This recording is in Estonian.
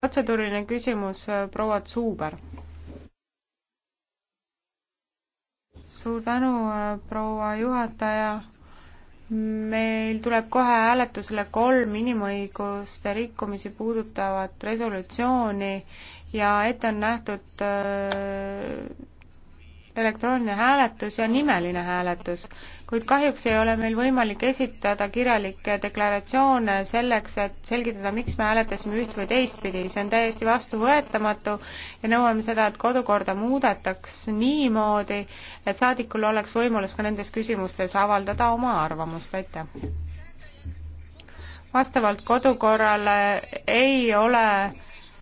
protseduuriline küsimus, äh, proua Zuber. suur tänu, äh, proua juhataja. meil tuleb kohe hääletusele kolm inimõiguste rikkumisi puudutavat resolutsiooni ja ette on nähtud äh, elektrooniline hääletus ja nimeline hääletus, kuid kahjuks ei ole meil võimalik esitada kirjalikke deklaratsioone selleks, et selgitada, miks me hääletasime üht või teistpidi, see on täiesti vastuvõetamatu ja nõuame seda, et kodukorda muudetaks niimoodi, et saadikul oleks võimalus ka nendes küsimustes avaldada oma arvamust, aitäh. vastavalt kodukorrale ei ole